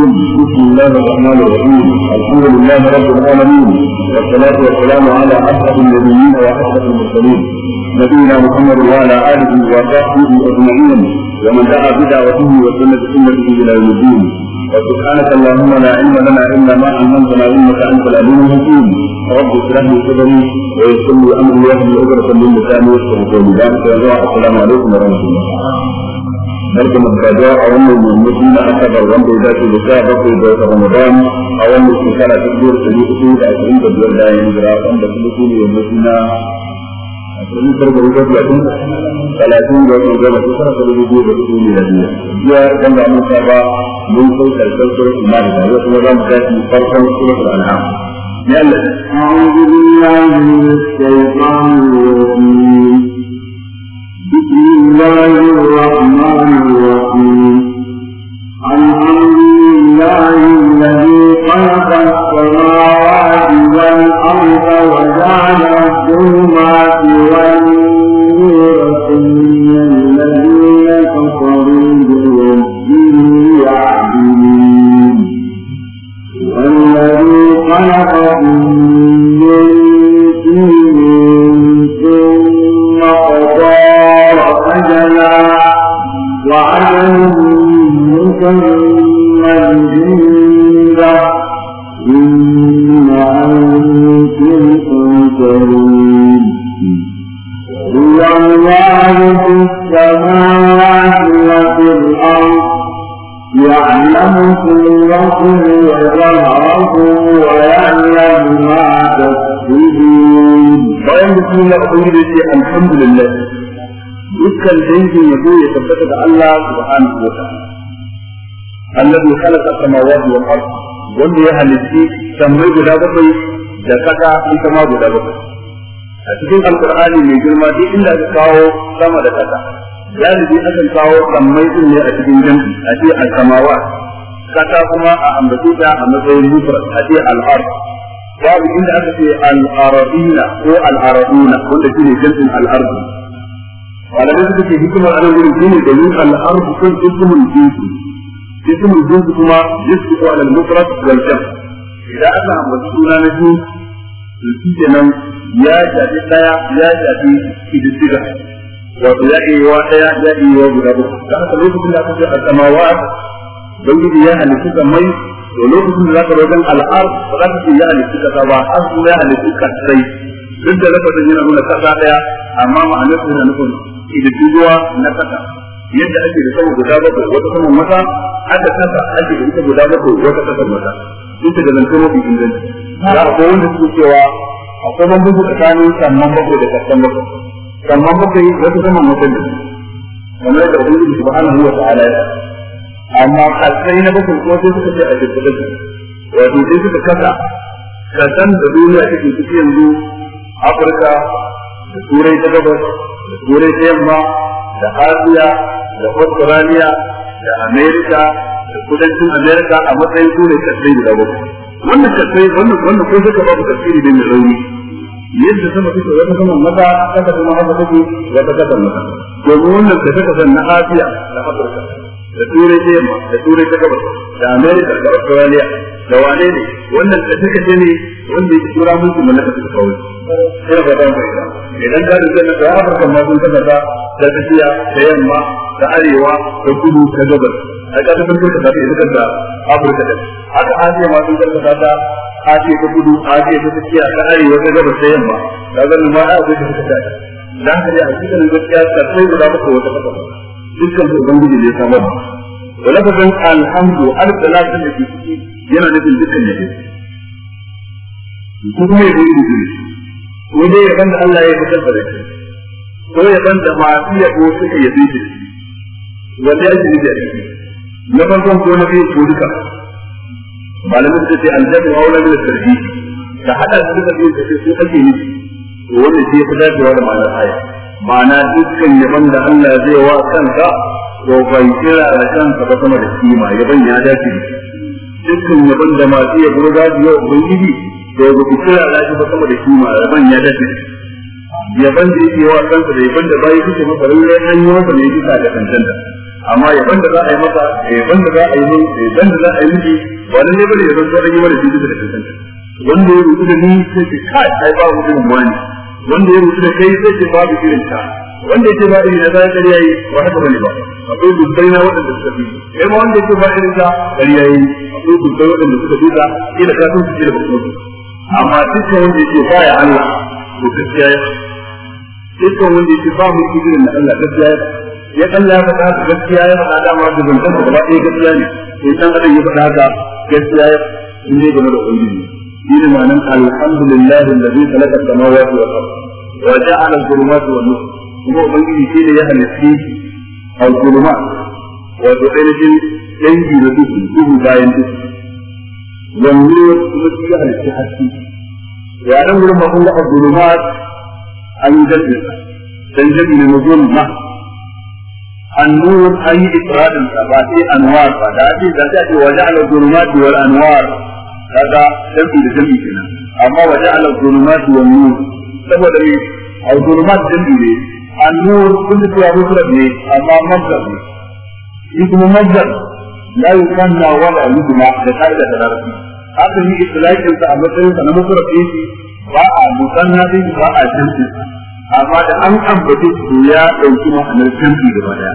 بسم الله الرحمن الرحيم الحمد لله رب العالمين والصلاة والسلام على أشرف النبيين وأشرف المرسلين نبينا محمد وعلى آله وصحبه أجمعين ومن دعا بدعوته وسنة سنته إلى يوم الدين وسبحانك اللهم لا علم لنا إلا ما علمتنا إنك أنت العليم الحكيم رب اشرح لي صدري ويسر لي أمري واهدي عبرة من لساني يفقهوا قولي ذلك السلام عليكم ورحمة الله barkan da a na asabar wanda ya dace da sha bakwai أعوذ بالله من الشيطان الرجيم بسم الله الرحمن الرحيم الحمد لله الذي خلق السماوات والأرض وجعل الظلمات والنور Allah subhanahu wa ta'ala alladhi khalaqa samawati wal ard wanda ya halitti sammai guda bakwai da kasa ita ma guda bakwai a cikin alqur'ani mai girma duk inda aka kawo sama da kasa galibi akan kawo sammai din ne a cikin jam'i a ce as-samawa kasa kuma a ambace ta a matsayin mufrad a ce babu inda aka ce al-ardina ko al wanda malamai suka ce hikimar anan wurin shine domin al'arfu kan ismul jinsi ismul jinsi kuma jinsi ko alal mufrad wal jam idan aka ambaci suna na biyu to shikenan ya shafi daya ya shafi kididdiga wato ya yi wa daya ya yi wa guda uku da haka lokacin da aka ce al-samawa ubangiji ya halitta samai to lokacin da zaka wajen al-arf ba za ka ce ya halitta kasa ba har kuma ya halitta kasai duk da lafazin yana nuna kasa daya amma ma'anar na nufin kididdigowa na kasa yadda ake da sama guda bakwai wata saman mata haka kasa ake da ita guda bakwai wata kasan mata duk da zance mafi inganci za a wanda suke cewa akwai bambanci tsakanin sannan bakwai da kasan bakwai sannan bakwai wata saman mata ne kamar da ubangiji subhanahu wa ta'ala ya amma kalsai na bakwai ko sai suka ce a jirgin wato sai suka kasa kasan da duniya take ciki yanzu afirka da turai ta gabas da turai ta yamma da asiya da australia da america da kudancin america a matsayin turai kasai guda bakwai wannan kasai wannan wannan ko suka babu tafsiri ne mai rauni yadda sama take wata sama mata kasa kuma haka take wata kasa mata domin wannan kasa kasa na asiya da afirka da turai ta yamma da turai ta gabas da america da australia da ne wannan da take ce ne wanda yake tura musu mun sai ba dan bai idan ka da ma sun da da tafiya da yamma da arewa da kudu da gabas a kasar farko da ta idan da da haka Asiya ma sun da Asiya ta kudu Asiya ta tafiya da arewa da gabas da yamma da zan ma a da ta da haka gaskiya ta sai guda ba wata kafa dukkan ubangiji ya da yana nufin dukkan duk kuma ya yi gudu ko dai ya banda Allah ya fitar da shi ko ya banda masu yabo suka yabe shi wanda ya yi da shi na farkon ko na biyu ko duka malamin su ce aljabu aula da sarfi da hada su duka biyu da ce su ake yi wanda wannan shi ya fi dacewa da ma'anar aya ma'ana dukkan yaban da Allah zai wa kanka to bai kira da kanka ba sama da kima yaban ya dace da shi dukkan ya da masu yabo za su yi ubangiji da ya gudu kira da ba sama da shi ma yaban ya dace ban da yake wa kansa da ban da bayi kuke masa lalle an yi masa ne bisa da cancanta amma ban da za a yi masa ban da za a yi mun ban da za a yi miki ba lalle bane yaban da yi mana shi da cancanta wanda ya rubuta ni sai ki kai sai ba mu irin wani wanda ya rubuta kai sai ba babu irin ta wanda ce ba ina za ka yi ba haka bane ba akwai dubbai na waɗanda suka bi kai ma wanda yake fa'in ka ƙarya yi akwai dubbai waɗanda suka bi ka kila ka sun kila ba kuma amma dukkan wanda yake baya Allah to gaskiya ya dukkan wanda yake ba mu kidin na Allah gaskiya ya ya Allah ya faɗa ka gaskiya ya faɗa dama da zantan ka gaba ɗaya gaskiya ne sai san adam ya faɗa ka gaskiya ya in dai game da ubangiji shine ma'anar alhamdulillahi alladhi khalaqa as-samawati wal arda wa ja'ala al-dhulumati wan nur kuma ubangiji shine ya halitta al-zuluma wato ainihin dangi na duhu duhu bayan duhu wanne kuma shi ya halitta haske ya nan gurin ba kun ga al-zuluma an yi jaddada dan jabi ne mazulma النور أي إفراد فاتي أنوار فاتي ذاتي وجعل الظلمات والأنوار هذا جمع لجمع كنا أما وجعل الظلمات والنور سبب الظلمات جمع ليه النور كل شيء مفرد لي أما مصدر لي اسم مصدر لا يثنى ولا يبنى بقاعدة العربية هذا هي إطلاق أنت أما تنسى أنا مفرد لي باع مصنع لي باع جنس أما ده أن أبتت يا دوكي معنى الجنس بمعنى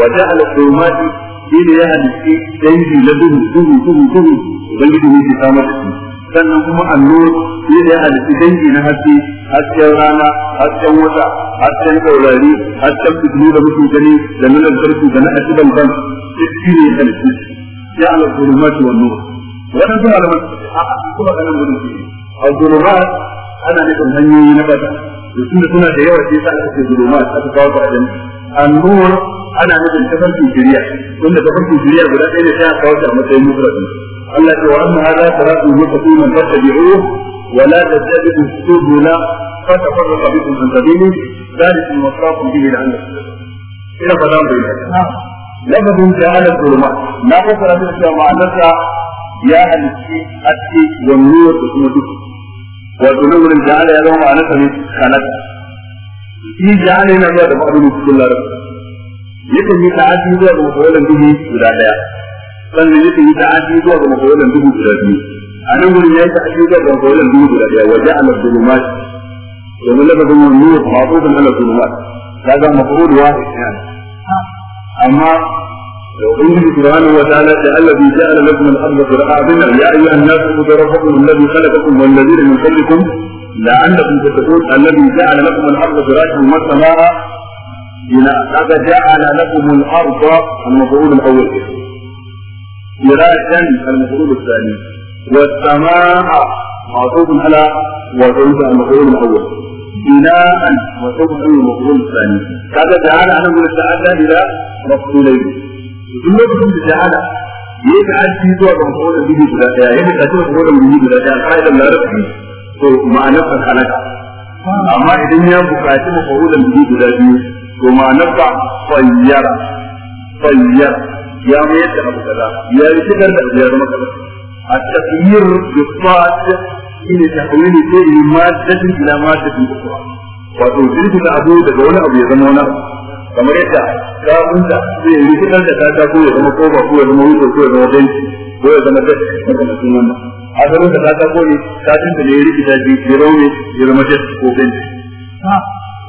وجعل الظلمات إلى يهدي دنجي لدنه دنه دنه دنه وبنجده في سامة الدنيا sannan kuma allo shi da ya halitta dangi na haske hasken rana hasken wata hasken taurari hasken fitilu da mutum gani da nuna lantarki da na asiban ban duk shi ne halitta ya ala zulumati wan nur zuwa da a kuma ganin gudun shi al ana nufin hanyoyi na bata suna da yawa sa ake kawo ba ana nufin guda ɗaya ne sai aka kawo ta matsayin التي وأنها لا تراكم المتقين فاتبعوه ولا تتبعوا السبل فتفرق بكم عن سبيله ذلك وصاكم به لعلكم إلى فلان بين لقد انتهت الظلمات ما فكر في السماء نسى يا أهل الشيء والنور تكون وذنوب من جعل يده مع نفسه خلق في جعل يده بعض من كل رب يكن يتعاد يده بمطولا به إلى sannan yake yi ta'adi zuwa ga makolan dubu guda biyu a nan gurin ya yi ta'adi zuwa ga makolan dubu guda biyu wa ja'ala dhulumat domin lafazin wa nuru ma'rufun ala dhulumat kaga mafrudu wa amma وقوله سبحانه وتعالى الذي جعل لكم الارض فرعا يا ايها الناس اعبدوا ربكم الذي خلقكم والذين من قبلكم لعلكم تتقون الذي جعل لكم الارض فراشا والسماء بناء هذا جعل لكم الارض المفعول الاول فراشا المفروض الثاني والسماء معطوف على وضعوف المفعول الاول بناء معطوف على المفروض الثاني هذا تعالى انا من تعالى الى مفروضين ثم يقول تعالى يتعدي سوى مفعول به بلا شيء يعني تعدي مفعول به بلا شيء قائد لا ربي ما نفع خلقه اما اذا يبقى مفعول به بلا شيء وما نفع طيرا طيرا ya mayar da abu kaza ya yi shigar da abu ya zama kaza a tafiyar da fa'ad shine ta sai maddatin ila maddatin ukhra wato jirgin abu daga wani abu ya zama wani abu kamar yadda kawunta zai yi fitar da kata ko ya zama koba ko ya zama wuce ko ya zama benci ko ya zama gaske ko kuma sun wannan asalin da kata ko ne katin da ne ya rikita ji ya raune ya zama gaske ko benci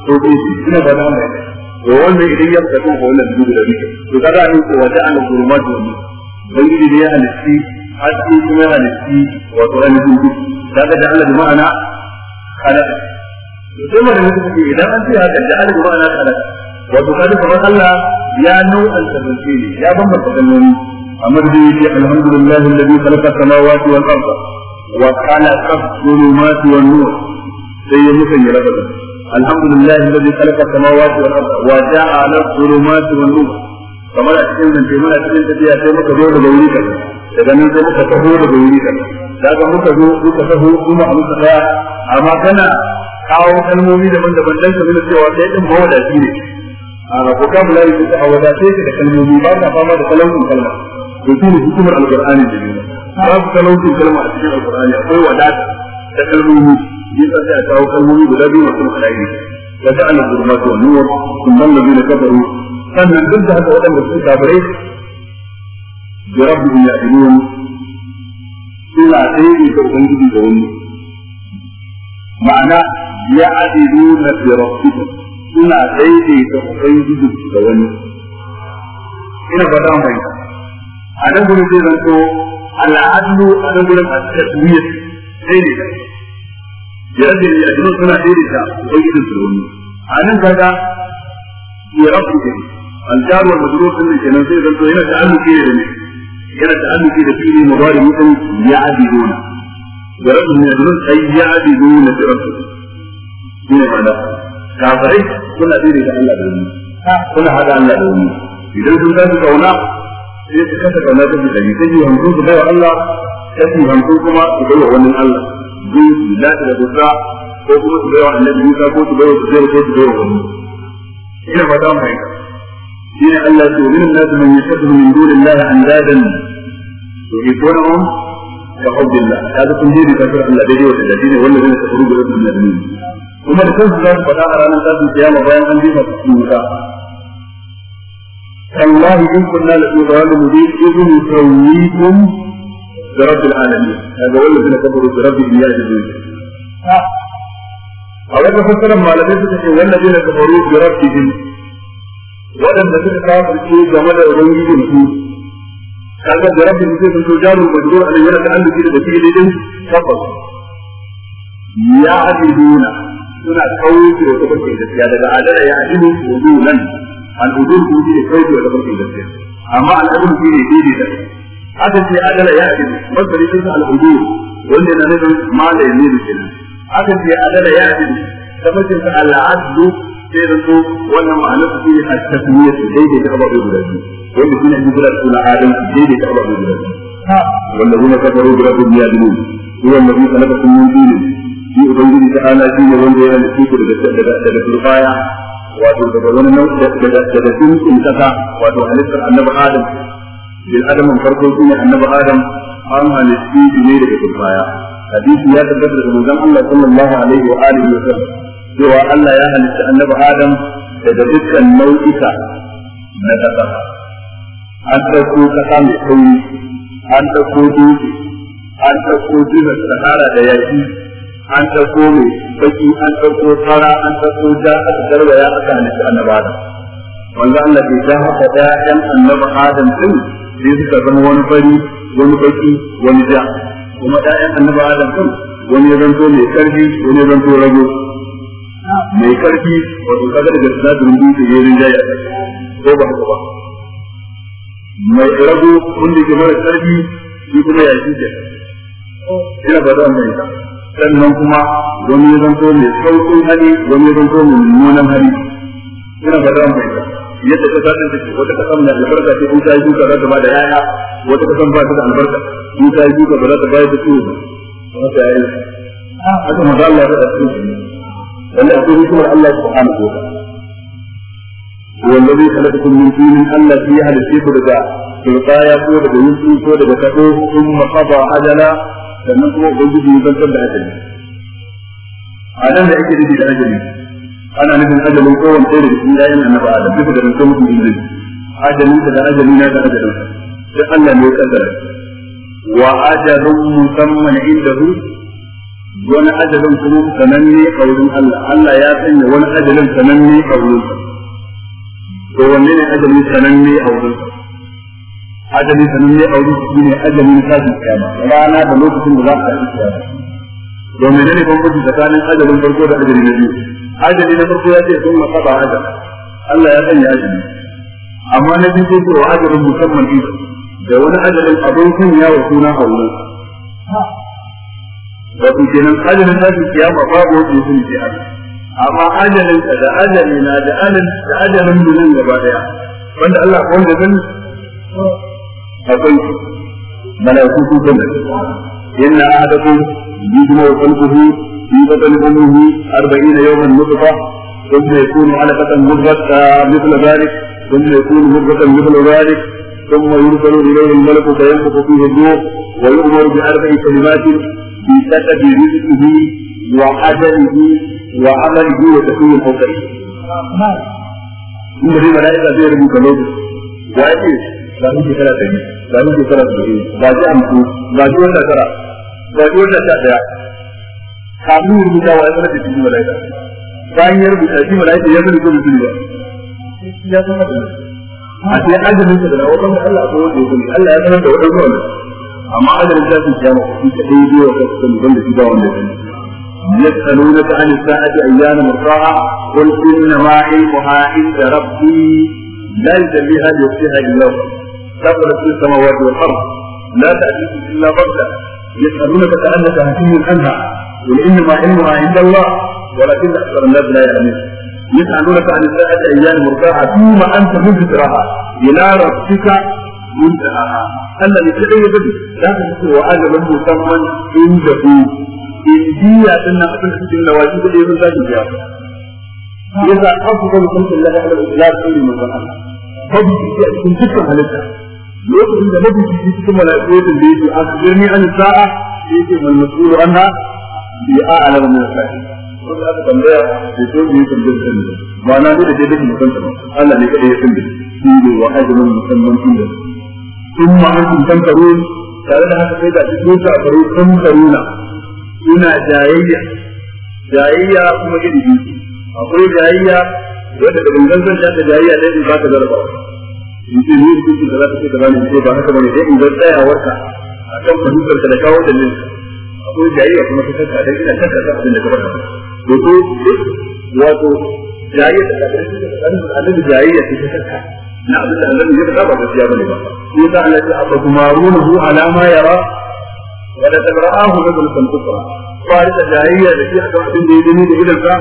to ko ina ba na mai to wannan idan ya fada kan wannan dubu da rike to kaga an ce wa ja'ala zulumat wa nur bangiji ne ya halitti haske kuma ya halitti wa ainihin duk kaga da Allah ma'ana kala to sai mun mutu idan an ce haka da Allah ma'ana kala to kaga kamar Allah ya nau an tabbaci ne ya bambanta kalmomi amma da yake alhamdulillahi alladhi khalaqa samawati wal arda wa khalaqa adh-dhulumati wan nur sai ya mutan ya الحمد لله الذي خلق السماوات والارض وجعل الظلمات والنور kamar a cikin zance muna cikin tafiya sai muka zo daga wuri kaza daga nan sai muka taho daga wuri kaza daga muka zo muka taho kuma a muka kana kawo kalmomi daban-daban dan ka nuna cewa kai din ba wada ne a vocabulary din a wada sai ka da kalmomi ba ka fama da kalmomin da a cikin da yasa sai a kawo kalmomi guda biyu masu ma'ana da ta ana zulmatu wa nuwar sun ban labi na kafaru sannan duk da haka waɗanda su kafirai da rabu ya inuwan suna daidai da ubangiji da wani ma'ana ya adilu na birabbihim suna daidai da ubangiji da wani ina a al'adu a a yadda ne a jinin suna daidaita ubangijin su da wani a nan kaga ya rabu ke aljaru wal majrur din kenan sai zanto yana da annuki da ne yana da annuki da fili mudari mutum ya adiduna da rabu ne jinin sai ya adiduna da rabu shi ne ma'ana kafirai suna daidaita Allah da wani suna hada Allah da wani idan sun tashi kauna sai su kasa kauna ta bi dari sai hamsin su bai wa Allah kashi hamsin kuma su bai wa wani Allah zuci lati da gusa ko kuma su baiwa annabi Musa ko su baiwa Zubair ko su baiwa wani ina fata mai shi ne Allah ya ce min nas man yashadu min dunillahi andadan yuhibbunahum ka hubbillah kaga kun ji da Allah daidai wa da dine wannan ne tafsirin da Ibn Nabi kuma da kansu za su faɗa a ranar tashin kiyama bayan an jefa su cikin wuta Allah in kunna la tudalu mubin idh nusawwikum برب العالمين هذا هو الذي كفروا برب بياد الدنيا أو أن فسر ما لم يفتح والذين كفروا بربهم ولم يفتح كافر شيء جمال الغيب المسلم هذا برب المسلم من تجار المجرور أن يولد عنه في الوسيلة كفر يعدلون سنة كويس وتبقى إذا كان العدل يعدل وجودا الوجود في كويس وتبقى إذا كان أما العدل في كويس aka ce adala ya adilu masdari sun al-udul wanda yana nufin ma da yamilu kenan aka ce adala ya adilu tabbacin sa al al'adu, sai da so wannan ma'anar su ne a tasmiyar su daidai ta ababe guda biyu wanda suna yi guda suna adam su daidai ta ababe guda biyu wanda kuma kafaro guda su ya dinu ruwan da kuma na sun yi dinu shi ubangiji ta ala shi ne wanda yana da shi daga daga turbaya wato daga wani nau'i daga daga tsuntsun kasa wato halittar annabi adam bil adamin farko ne annabi adam an halitti shi ne daga turbaya hadisi ya tabbata daga manzon Allah sallallahu alaihi wa alihi wa sallam cewa Allah ya halitta annabi adam daga dukkan nau'ika na kasa an ɗauko kasa mai kauri an ɗauko dutse an ɗauko dutsen sahara da yaki an ɗauko mai baki an ɗauko fara an ɗauko ja aka garwaya aka halitta annabi adam wanda Allah ke ja haka da ɗan annabi adam din sai suka zama wani fari wani baki wani ja kuma ɗayan annabi adam din wani ya zanto mai karfi wani ya zanto rago mai karfi wato kaga daga sinadarin dutse ya rinja ya ko ba haka ba mai rago wanda ke mara karfi shi kuma ya shi ina ba da mai sannan kuma wani ya zanto mai sauƙin hali wani ya zanto mai mummunan hali ina ba da mai yadda ka sadin take wata kasan na albarka ce in ta yi duka za ta bada yaya wata kasan ba ta da albarka in ta yi duka ba za ta bayar da ciwo ba ta yi haka maza Allah ya ɗauki wannan akwai hikimar Allah subhanahu wa ta'ala wallazi khalaqakum min dinin Allah fi halittu daga turqaya ko daga yunsu ko daga kado kuma qada ajala sannan kuma ubangiji ya zantar da ajali a nan da ake rubi da ajali ana nufin ajalin kowane ɗaya daga cikin ƴaƴan annabi adam duka da rantsuwar mutum iblis ajalin ka da ajalin na da ajalin ka duk Allah ne ya kaddara wa ajalun musamman indahu wani ajalin kuma sananne a wurin Allah Allah ya sanya wani ajalin sananne a wurin sa to wanne ne ajalin sananne a wurin sa ajalin sananne a wurin sa shine ajalin tashin kiyama rana da lokacin da za ka tashi kiyama to menene bambanci tsakanin ajalin farko da ajalin na biyu ajali na farko ya ce sun masa ba ajali Allah ya sanya ajali amma na biyu ko wa ajalin musamman ɗin da wani ajalin abin kun yawo suna a wurin wato nan ajalin tashin kiyama babu wani sun sani kiyama amma ajalin ka da ajali na da ajalin da ajalin nan gaba daya wanda Allah ko wanda zan akwai malaiku Yana sani inna ahadakum yujma'u qalbuhu في بطن أمه أربعين يوما نطفة ثم يكون علقة مضغة آه، مثل ذلك ثم يكون مضغة مثل ذلك ثم يرسل إليه الملك فينفخ فيه الروح ويؤمر بأربع كلمات بسكب رزقه وحجره وعمله وتكوين حقه. إن في ملائكة زي ربي كالوجه وأتي لهم في ثلاثة لهم في ثلاثة بعد أمس بعد يوم بعدين بعد يوم ذكر kafin ya rubuta wa ya sanar da shi mala'ika bayan ya rubuta shi mala'ika ya sanar da shi ba ya sanar da a sai ajalin sa da na wajen Allah ko wanda ya sani Allah ya sanar da wajen zuwa amma ajalin sa sun kiyama ku ta dai biyo ka sani wanda shi ba wanda ya sani يسألونك عن الساعة أيان مرضاها قل إنما علمها عند ربي لا يجليها لوقتها إلا هو ثقلت في السماوات والأرض لا تأتيكم إلا بغتة يسألونك كأنك حكيم عنها قل انما علمها عند الله ولكن اكثر الناس لا يعلمون يسالونك عن الساعه ايام مرتاحه ثم انت من ذكرها الى ربك منتهاها الذي تدعي به لا تنسوا وانا من مسمى عنده ان بي اتنا اتنا اتنا واجب ايضا ذلك يا رب اذا افضل الخلق لا على الاسلام كل من ظهر فبدي كنت فكرة لك لوقت لك. مجلس في سكن ولا سيد البيت اخبرني عن الساعه يجب المسؤول عنها ya a alama min sa'i ko da aka tambaya da to ne kan da kan ba na ne da ke dukkan mutunta ba Allah ne kadai ya san da shi ne wa ajrun musamman inda kuma an tantaru tare da haka sai da duk ta bari tantaruna ina jayayya jayayya kuma iri biyu akwai jayayya wanda da ban san ta jayayya da ba ta zarba in ce ni kuke da za ta ce da ba ne ba haka bane dai in ga tsayawarka akan fahimtar da kawo dalilin ko jayayya kuma ta sassa dan ina sassa ta abin da ka faɗa to to wato jayayya ta kafin annabi jayayya ta sassa na abin da annabi ya faɗa ba gaskiya bane ba ko ta Allah ta abba kuma runuhu ala ma yara wa la tabra'ahu nazlatan ukhra fara da jayayya da shi akan abin da ya gani da idan ka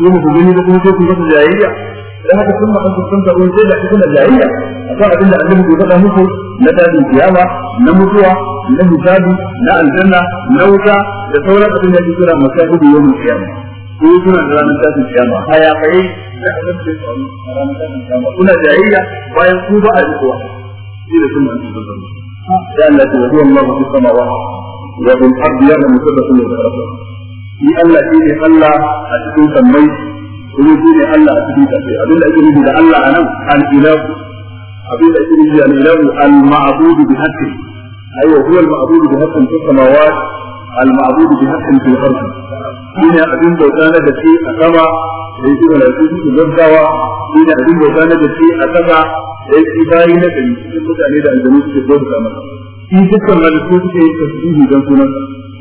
runuhu gani da kuma ko ta jayayya da haka sun ma kansu sun tabbata da kuma jayayya akan abin da annabi ya faɗa muku na dalil kiyama na mutuwa na hisabi na aljanna na wuta da sauran abin da ake kira masahibu yawon kiyama ko kuna da ranar tashin kiyama hayakai da abin da ya a ranar tashin kiyama kuna jayayya bayan ku ba a rikuwa shi da sunan su zama ya Allah ta wajen Allah su sama wa wa bin ardi ya da musabbasu ne da rafa shi Allah shi ne Allah a cikin sammai kuma shi ne Allah a cikin kafe abin da ake nufi da Allah a nan al-ilahu abin da ake nufi da al-ilahu al-ma'budu bi haqqi أي هو المعبود بحق في السماوات المعبود بحق في الأرض حين أبين بوتان التي أقام ليس ملائكته في الغزاوة حين أبين بوتان التي أقام ليس باين الذي يسكت أن يدعى الجنوب في الغزاوة مثلا إن تلك الملكوت في تسبيح جنسنا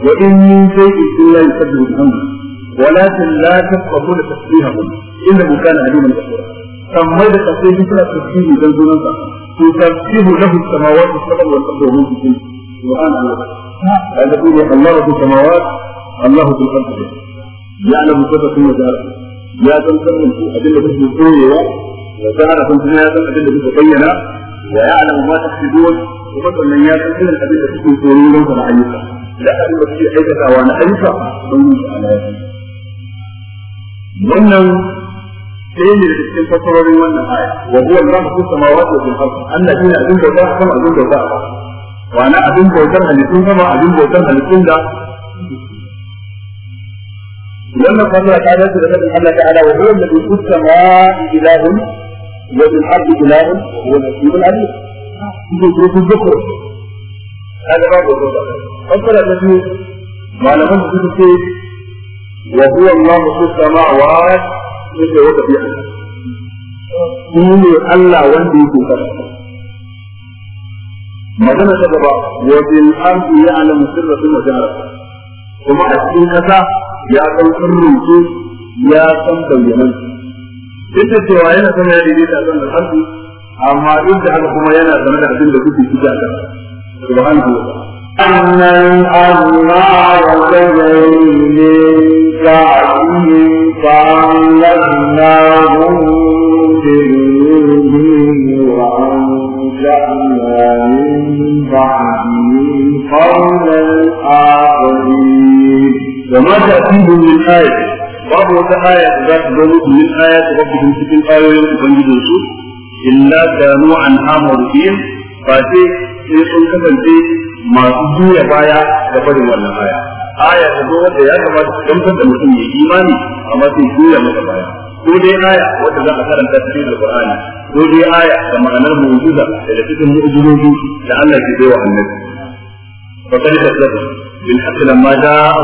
وإن من شيء إلا يسبح بحمده ولكن لا تفقهون تسبيحهم إنه كان عليما غفورا كم مدى تسبيح مثل تسبيح جنسنا تسبح له السماوات السبع والارض ومن في سبحان الله هذا يقول الله في السماوات الله في الارض يعلم سبب ثم جعل يا تنسب أدلة في الدنيا وجعل تنسب أدلة في تبين ويعلم ما تكسبون ومثل من يعلم كل الأدلة في الدنيا لو كان عيسى لا أدلة في عيسى وأنا عيسى ومن على يده wannan sai ne da cikin fasarorin wannan aya wa huwa Allahu fi samawati wa fil ardi Allah shine abin da ba sama abin da ba wa na abin bautar halittun sama abin bautar halittun da wannan fasara ta dace da fadin Allah ta'ala wa huwa alladhi fi samawati ilahun wa fil ardi ilahun wa nasibul alim shi ne su zuku kada ba gobe ba fasara ta ce malaman su ce wa huwa Allahu fi samawati yake wata biya Ni ne Allah wanda yake kada magana ta gaba wa bil ardi ya'lamu sirrahum wa jahra kuma a cikin kasa ya san sirrin su ya san bayyanan duk da cewa yana san ya daidaita san da ardi amma duk da haka kuma yana sanar da abin da kuke ciki a kasa subhanahu wa ta'ala annan Allah wa بعدهم فأهلكناهم بالنذير وأنشأنا da za ta zo musu ba sai sun kasance masu juya baya da barin wannan aya aya ta zo wanda ya kamata su gamsar da mutum ya imani amma sai juya masa baya ko dai aya wanda za a karanta cikin alqur'ani ko dai aya da ma'anar mu'jiza daga cikin mu'jizoji da Allah ke bai wa annabi fa kada ta tsaya bil haqqi lamma da'a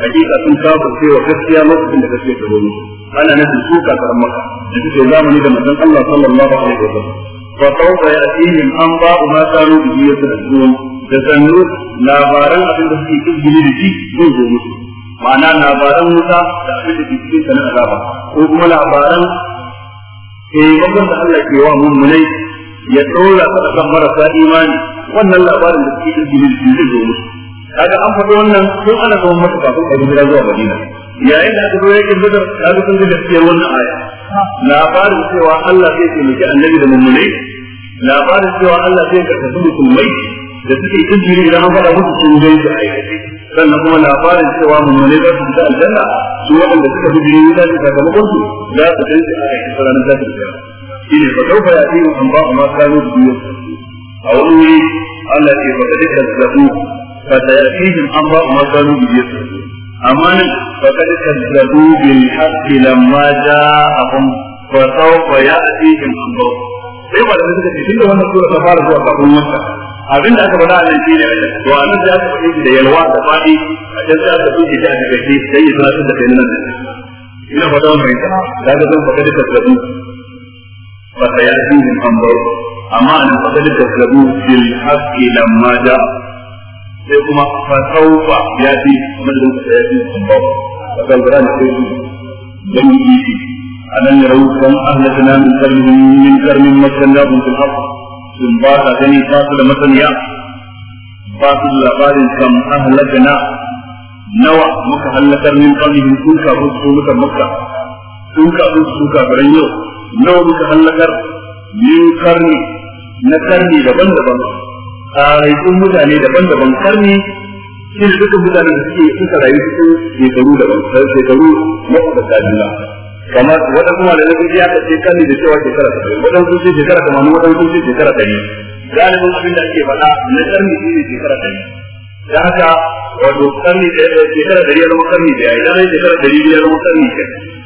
hakika sun kafa cewa gaskiya lokacin da gaskiya ta zo ana nufin su kafaran maka da suke zamani da manzon Allah sallallahu alaihi wasallam fa sawfa ya'tihim anba'u ma kanu bihi yasdun da sanu labaran abin da suke kirgiri da shi zai zo musu ma'ana labaran wuta da abin da ke cikin sana azaba ko kuma labaran taimakon da Allah ke wa mummunai ya ɗora su akan marasa imani wannan labarin da suke kirgiri da shi zai zo musu kaga an faɗi wannan tun ana zaman masa ba a gudura zuwa Madina yayin da aka zo yakin ta kaga sun ga gaskiyar wannan aya labarin cewa Allah zai taimaki annabi da mummunai labarin cewa Allah zai karɓi musulmai da suke izini idan an faɗa musu sun zai su aikace sannan kuma labarin cewa mummune za su fita aljanna su waɗanda suka fi jini za su sakamakon su za su zai su aikace ranar zafin kiyama shi ne fatau fa yaƙi an ba ma kano biyu a wani wuri Allah ke faɗa duka zaɓu fata yaƙihim an ba ma kano biyu amma nan faɗa duka zaɓu bil haƙƙi lamma ja'ahum fatau fa yaƙihim an ba sai ba da suka ce tunda wannan sura ta fara zuwa kafin wannan abinda aka faɗa nan shi ne ajal to anan sai aka faɗi da yalwa da faɗi a can sai aka tuke shi a takaice sai ya sanar da kai nan ina faɗa wannan ita daga zan faɗa duka sabu fa sayati min ambar amma an faɗa duka sabu bil haqqi lamma ja sai kuma fa saufa ya fi madadin sayati min ambar fa kalbran sai dan yi anan yarau kan ahlatana min qarnin min qarnin makkannahum fil haqqi sun ba ta gani ba su da masaniya ba su da labarin kan ahalaka na nawa muka halakar min kwamihin sun kafin su muka makka sun kafin su kafiran yau nawa muka halakar min karni na karni daban-daban tsaraikun mutane daban-daban karni shi da dukkan mutane da suke suka rayu cikin shekaru daban shekaru na uku da kamar waɗansu malamai sun ya kace kan da cewa shekara ta ɗari waɗansu sun shekara tamanin waɗansu sun shekara ɗari galibin abin da ake faɗa na ƙarni shi ne shekara ɗari da haka wato ƙarni shekara ɗari ya zama ƙarni da ya idan ai shekara ɗari ya zama ƙarni ke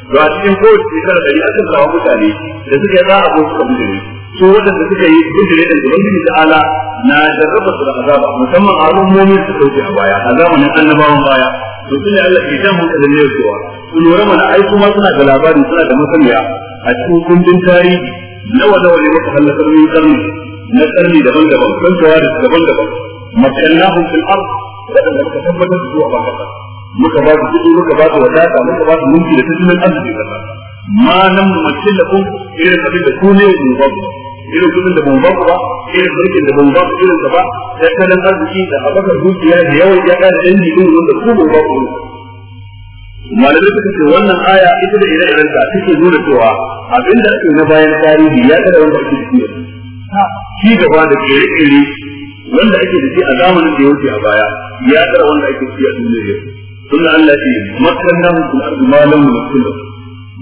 to a cikin kowace shekara ɗari akan samu mutane da suka yi za a ko suka bijire su waɗanda suka yi bijire da ubangiji ala na jarraba su da azaba musamman a al'ummomin su ɗauke a baya a zamanin annabawan baya to sun ne Allah idan hun da ne zuwa kun lura mana ai kuma suna da labarin suna da masaniya a cikin kundin tarihi nawa nawa ne muka halaka mun karni na karni daban-daban kan da daban-daban makallahum fil ard da da muka tabbatar da zuwa ba haka muka ba su kudi muka ba su wadata muka ba su mulki da tattalin arziki kasa ma nan mutum da kun irin abin da ku ne mu ba irin kudin da ban ba ku ba irin mulkin da ban ba irin ka ba tattalin arziki da haɓaka dukiya da yawan ya ƙara dangi irin da ku ban ba ku malamai suka ce wannan aya ita da ire-iren ta take nuna cewa abin da ake na bayan tarihi ya kada wanda ake ciki ci gaba da kere-kere wanda ake da shi a zamanin da ya wuce a baya ya kada wanda ake ciki a duniyar yau sunna Allah ce makannan kun na mu kullu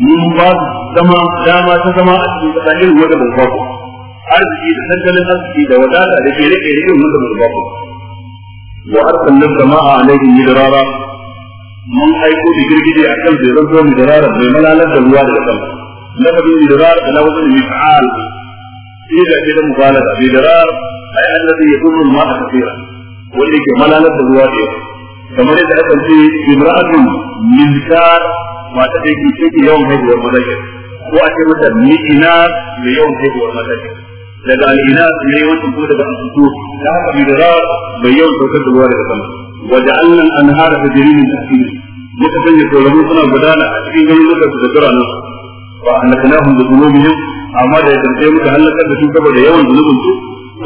mun ba zama dama ta zama a cikin kasa irin wanda ban ba ku arziki da tattalin arziki da wadata da kere kere irin wanda ba wa arsalna sama'a alaihim midrara mun aiko da girgije a kan zai zanto midrara mai malalar da ruwa daga sama na fadin midrara da na wajen mifa'al ila ila mubalaga midrara ay allazi wanda ke malalar da ruwa da yawa kamar yadda aka ce imra'atun min da ke cikin yawan haihuwar ko a ce mata mi'ina da yawan haihuwar daga al'inas ne wancan ko daga asusu da haka mirar bai yawan saukar da ruwa daga sama waje allan an hara da jirinin da asiri muka sanya koramu suna gudana a cikin garurukan su da birane. biranen wa annakanahum da zunubihim amma da ya tarbe muka halakar da su saboda yawan zunubin su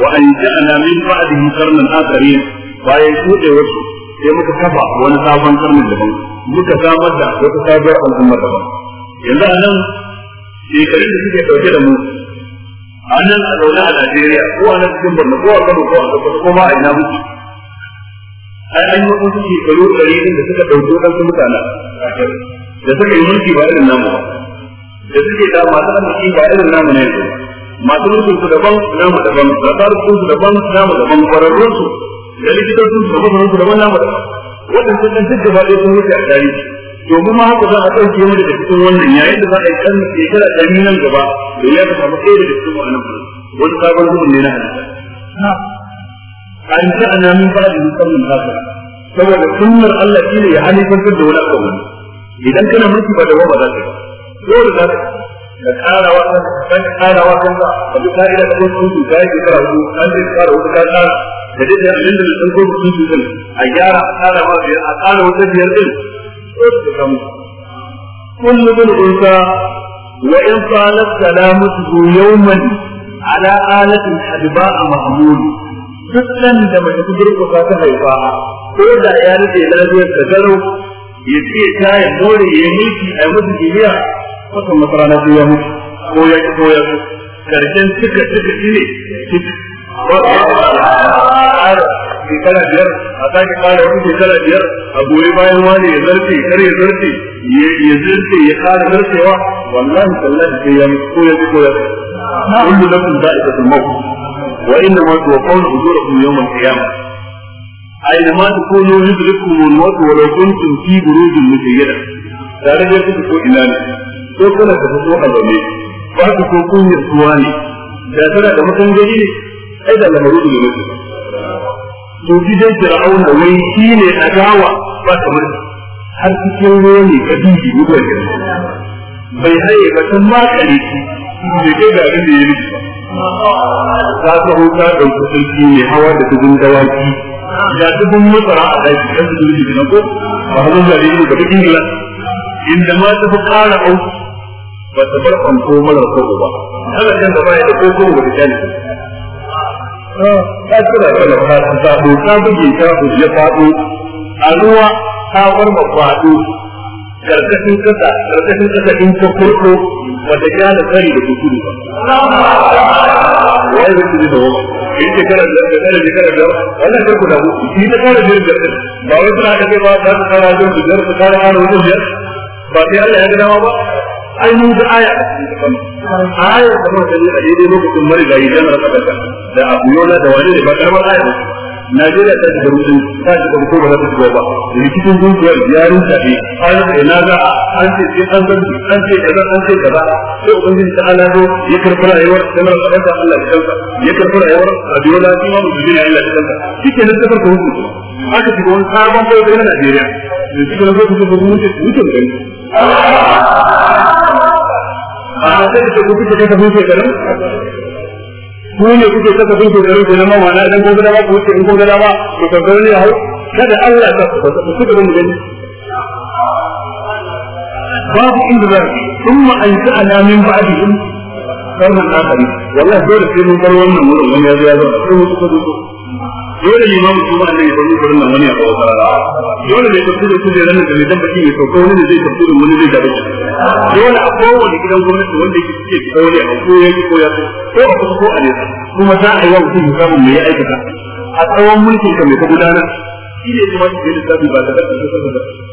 wa an ja'ana min ba'dihim qarnan akharin bayan kudewar su sai muka kafa wani sabon karnin daban muka samar da wata sabuwar al'umma daban yanzu a nan shekarun da suke ɗauke da mu a nan a zaune a Najeriya ko a nan cikin Borno ko a Kano ko a Sokoto ko ma a ina muke ai an yi wasu shekaru ɗari ɗin da suka ɗauki waɗansu mutane da suka yi mulki ba irin namu da suke da masu arziki ba irin namu ne yanzu masu mulkin su daban namu daban labarin su daban namu daban kwararrun su da likitocin su daban namu daban waɗansu ɗan duk gaba ɗaya sun wuce a tarihi domin ma haka za a ɗauke mu daga cikin wannan yayin da za a yi ɗan shekara ɗari nan gaba da ya ka samu ɗaya daga cikin wannan fara wani sabon rukun ne na halitta an ji ana min ba da musamman haka saboda sunnar Allah shi ne ya halittar da wani abu idan kana mulki ba da ba za ka yi dole za ka ka wa kan ka ƙara wa kan ka bi ka'ida ta wasu su ka yi shekara hudu an ce ƙara wasu ka ƙara da dai da abin da mutum ko da su a gyara a ƙara wa biyar a ƙara wata biyar din dole ta gamu kullu bin unsa wa in salat salamatu yawman ala alatin hadba mahmud dukkan da mace ta girka ta haifa ko da ya rike lafiyar ta garo ya ce ta ya dore miki a mutu jiriya wata masarana ya karshen shekara biyar a sake kara wani shekara biyar a goyi bayan wani ya zarce kar ya zarce ya zarce ya kara zarcewa wallahi tallahi sai ya mutu ya ya kullu lakum maut wa inna ma ujurakum qiyamah ولو كنتم في بروج مشيدة. تعالى يا سيدي سوء إلهي. سوء كنا تفسوء الرميل. ba ku ko kun yi tsuwa ne da tana da mutum gari ne ai da da mutum to gidan fir'auna wai shine ne adawa ba kamar har cikin ruwa ne ka dubi mutuwar girma bai haye ba san ma kare shi bai kai ga da ya rufe ba ta hau ta ɗauki sarki mai hawa da tubin dawaki Ya tubin masara a daji kan su rufe na ko ba hannun zaɓe ne ga duk ingila inda ma ta fi ƙara auki ba ta bar kwanto marar kogo ba. Haka kan da baya da kogo ba ta kyale ta kira ta da ta zaɓo ta buge ta ya faɗo a ta warma faɗo karkashin kasa karkashin kasa in ta kurko wata kyana tsari da kusuru ba wai da kudu da in ce kara da kara da kara da wannan karku da ku shi ta kara da da ba wai ta da kai ta za su kara da su da su kara da wajen ba sai Allah ya ga dama ba ai aya a cikin kama ayar da muka a daidai lokacin marigayi janar kabata da abu yola da wani ne ba karamar aya ba Najeriya ta shiga rudin ta shiga ko ba za ta shiga ba rikicin dukiyar yarin ta ne an ce ina za a an ce sai an zanci an ce kaza an ce kaza sai ubangiji ta ala zo ya karɓi rayuwar janar kabata Allah ya kansa ya karɓi rayuwar Abiola shi ma musulmi ne Allah ya kansa shi ke nan ta farko hukunci aka shiga wani sabon bai na Najeriya da shi ke nan zai fito ko wuce wuce da gani a sai da kuke kasa kun shekarun ku ne kuke kasa kun shekarun ku nama na idan kun ba ku wuce in kun ba ku kankan ne hau kada Allah ta ku kuka ban gani babu inda za ku kuma an ta ana min ba'dihim kaunan akari wallahi dole sai mun bar wannan wurin wani ya zo ya zo sai wasu ka dole ne ma mutum Allah ya tafi gurin wani ya kawo dole ne tafsirin kujerar nan da ne dan baki ne to wani zai tafsirin wani zai da baki dole a kowane gidan gwamnati wanda yake cike da dole a ko yake ko ya so ko a kuma ko a ne kuma za a yi wa mutum samu mai aikata a tsawon mulkin ka mai ta gudanar shi ne kuma shi da ba da da da da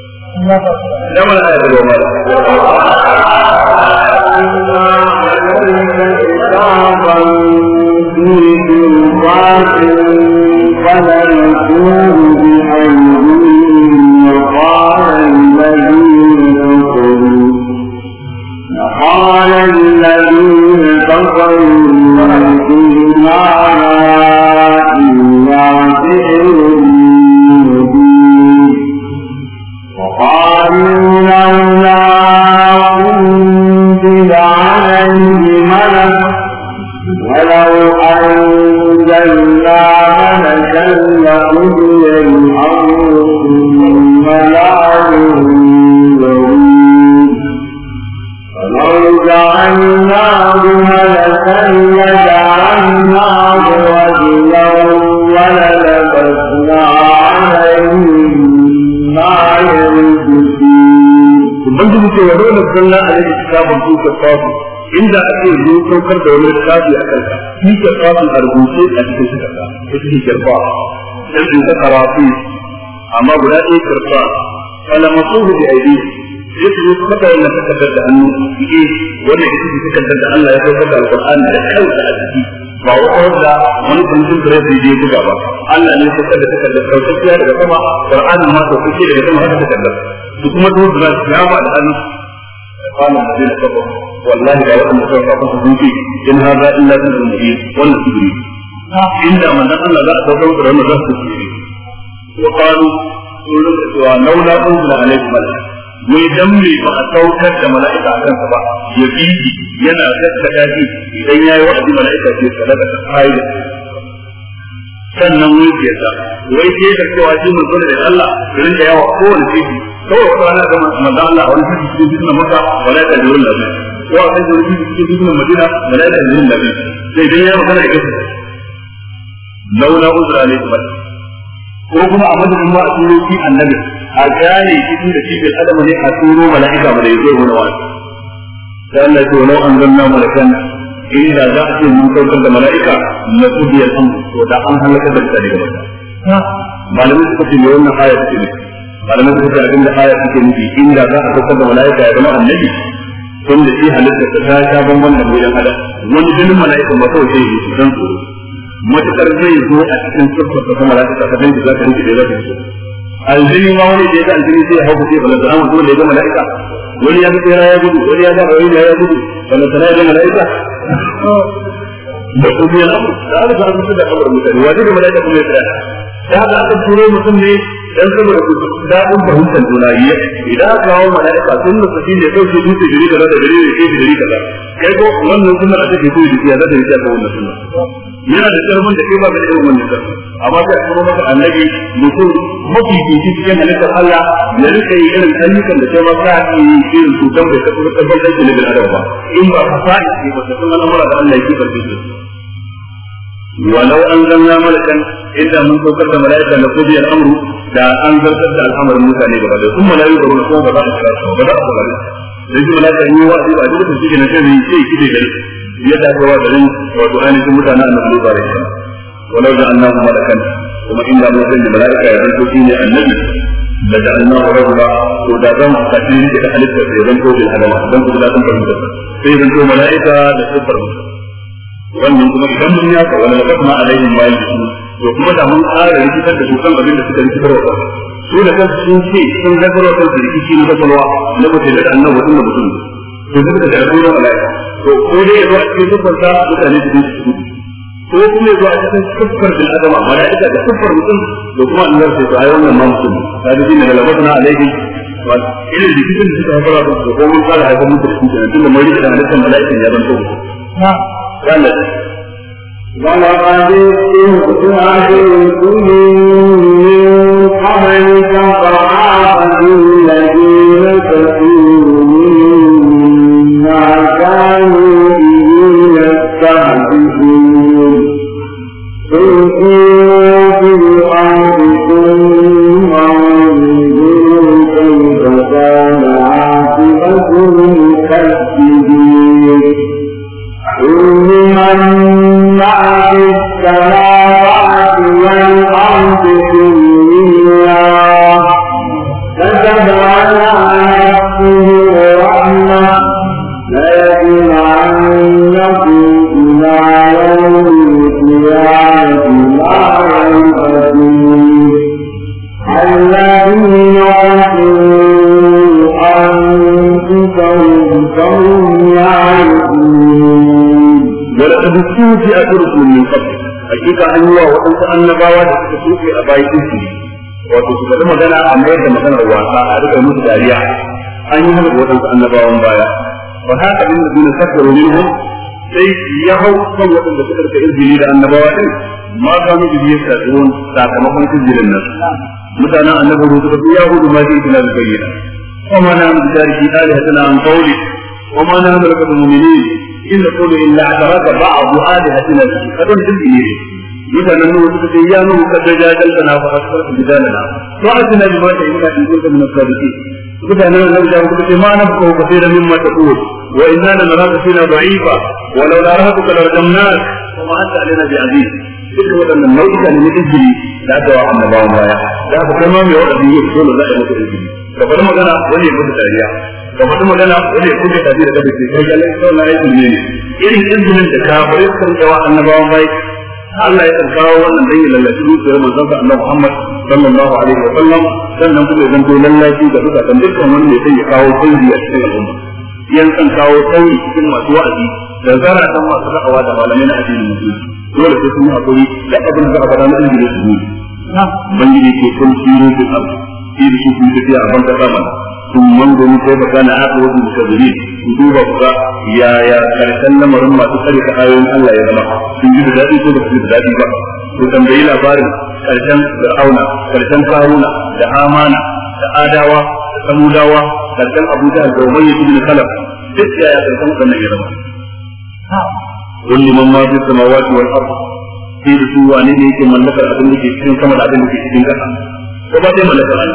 da mana aya da goma فنرسوه بأيديهم الذين كفروا في على إلا سحر مبين وقالوا لولا أنزل عليه ملك ولو أنزلنا ملكا لقضي جعلناه ملكا وجعلناه رجلا وللبسنا عليهم ما ubangiji ce sunna a yadda tsafi inda zo saukar da wani tsafi a kanka tsafi a rubuce a cikin shi karafi amma guda ɗaya sai su yi maka wannan takardar da hannu ke wannan ita ce takardar da Allah ya saukar da alƙur'ani da kansa a ciki ba wata da wani kuntun da zai buga ba Allah ne saukar da takardar saukakkiya daga sama Qur'ani ma saukakke daga sama haka takardar su kuma duk da su ya ba da hannu kana da zai saba wallahi da wannan sai ka fasa duki in hada illa bi mubin wannan kibri inda manzon Allah za a saukar da wannan zasu kibri wa qalu qulu wa laula unzila alaykum malak mai dan ba a saukar da mala'ika a kansa ba ya bi yana gaskata shi idan yayi wa'azi mala'ika ce sadaka ta fa'ida sannan wuce ta wai ke da cewa shi mun zo da Allah irin da yawa shi. Ko kawai wata rana ga manzo Allah wani shi cikin cikin maka wala ta jirin lafi ko a san jirin shi cikin cikin madina wala ta jirin lafi sai dai ya magana da kasa laula uzra ne ko kuma a madadin ma a turo annabi a gane shi tun da shi bil adama ne a turo mala'ika ba da yazo wani wani da Allah ya ce walau an zanna malakan inda za a ce mun saukar da mala'ika na kudiyar an to da an halaka da mutane da da malamin suka ce me wannan aya take nufi malamin suka ce abinda aya take nufi inda za a saukar da mala'ika ya zama annabi tun da shi halitta ta ta ta bamban da wajen adam wani jinin mala'ika ba kawai sai shi dan tsoro matukar zai zo a cikin tsoro ta mala'ika ta kan da za ta rike da za ta aljini ma wani da ya ga aljini sai ya hau kuce ba lantana mutum da ya ga mala'ika wani ya tsira ya gudu wani ya ga rayu ya gudu ba lantana ya ga mala'ika da kuma ya abu da aka samu da kamar mutane wajen da mala'ika kuma ya tsira da haka aka turo mutum ne dan saboda ku daɗin fahimtar juna yi idan aka kawo mala'ika sun nufa shi ne sauke dutse gari kaza da gari da ke gari kaza kai ko wannan sunna da take koyi da ya zata yi ta wannan sunna yana da karfin da kai ba da irin wannan amma sai a kuma maka annabi mutum mafi fifi cikin halittar Allah ya rika yi irin ayyukan da sai ma sa yi irin su don bai tafi tabbar da ne bil ba in ba fa sa'i ba san al'amura da Allah yake barke su walau an zanna malakan idan mun saukar da malaika na kobi al'amru da an zartar da al'amarin mutane gaba da da ba za a kira ba za kira da malaika ne wa duk da ne sai kide ya wato ainihin mutanen annabi ba da walau da annabi kuma in da mutum da malaika ya zanto ne annabi da da annabi rajula to da zan kaci da halitta sai zan to bil adama dan ku da zan fahimta sai zan to malaika da sifar mutum wannan kuma idan mun yaka wala kuma alaihim ma yusuf to kuma da mun fara rikitar da su kan abin da suka rikitar wa su da kansu sun ce sun gagarwa kansu rikici na gagarwa na mutum da annabi mutum da mutum to suka da al'ummar malaika to ko dai ya a cikin sifar sa mutane su su ko kuma zuwa cikin siffar bil adama mala'ika da siffar mutum da kuma annabi sai ta ayyukan nan mutum ta da dinna alaihi wa da da ko mun fara mutum cikin da tunda mai da mala'ika ya zanto fi aturku min qabl hakika an yi wa waɗansu annabawa da suka shuke a bayan su wato su faɗi magana a mayar da maganar wasa a rika musu dariya an yi haka waɗansu baya fa haka din da sai ya hau kan waɗanda suka rika izini da annabawa din ma ka mu bi ya tsaron sakamakon izinin nan mutanen annabawa suka fi yahudu ma ji tana da bayyana kuma na mu da tarihi na an qawli da نحن لك بمؤمنين in da kullu illa adraka ba'du alihatina kadon din ne mutanen nuhu suka ce ya nuhu ka gaja dalta na fa asfar ku bidana na to asina bi ma ta in ka tinko ta minaka dake mutanen nan da suka ce ma na ko ka sai da mimma ta kuwa wa inna la naraka ne na da kai ma za a yi maka izini ka bar magana wani ya mutu dariya da wata magana wanda ya kuka tafi da kada ke kai galin sauna ya kulle ne irin izinin da kafirai sun gawa annabawan bai Allah ya san kawo wannan dan ya lallashi zuciyar manzon sa Annabi Muhammad sallallahu alaihi wa sallam sannan kuma ya zanto lallashi da duka kan dukkan wanda ya san kawo sauyi a cikin al'umma yan san kawo sauyi cikin masu wa'azi da zara san masu da'awa da malamai na dole sai sun yi hakuri da abin da na su ne. Ubangiji ke kun shi ne duk abu, shi da shi kun tafiya a banka samana. sun manzon kai ba kana aka wasu mukabirin su duba ku ga yaya karshen lamarin masu tsari ka ayoyin Allah ya zama sun ji da daɗi ko da su ji da daɗi ba ku tambayi labarin karshen fir'auna karshen karuna da amana da adawa da samudawa karshen abu da da ubayy ibn khalaf duk yaya karshen wannan ya zama قل لمن ما في السماوات والأرض في abin da ke cikin sama da abin da ke cikin تكون ko ba sai الأدم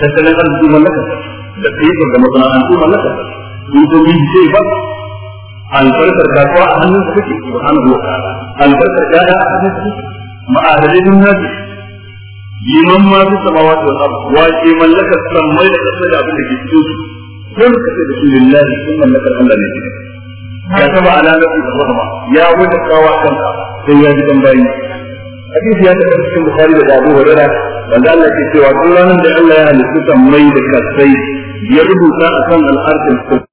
تستنى أن تكون ملك الأدم da kaifar da masana'antu mallaka in to bi ce ba albarkar kuwa a hannun su kake subhanahu wa ta'ala albarkar dada a hannun su ma'adadin nabi liman ma su samawati wal ard wa ke mallaka samai da kasai da abin da ke cikin su kun kace da shi lillahi kun mallakar Allah ne ya saba ala nabi da rahma ya wuce kawa kanka sai ya ji dan bayi hadisi ya tabbata cikin bukhari da abu hurairah wanda Allah ke cewa duk ranar da Allah ya halitta samai da kasai يرد ساعة الأرض الكبرى